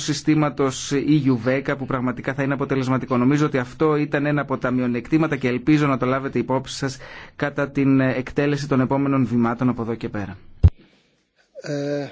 συστήματος EU-10 που πραγματικά θα είναι αποτελεσματικό. Νομίζω ότι αυτό ήταν ένα από τα μειονεκτήματα και ελπίζω να το λάβετε υπόψη σα κατά την εκτέλεση των επόμενων βημάτων από εδώ και πέρα. Ε...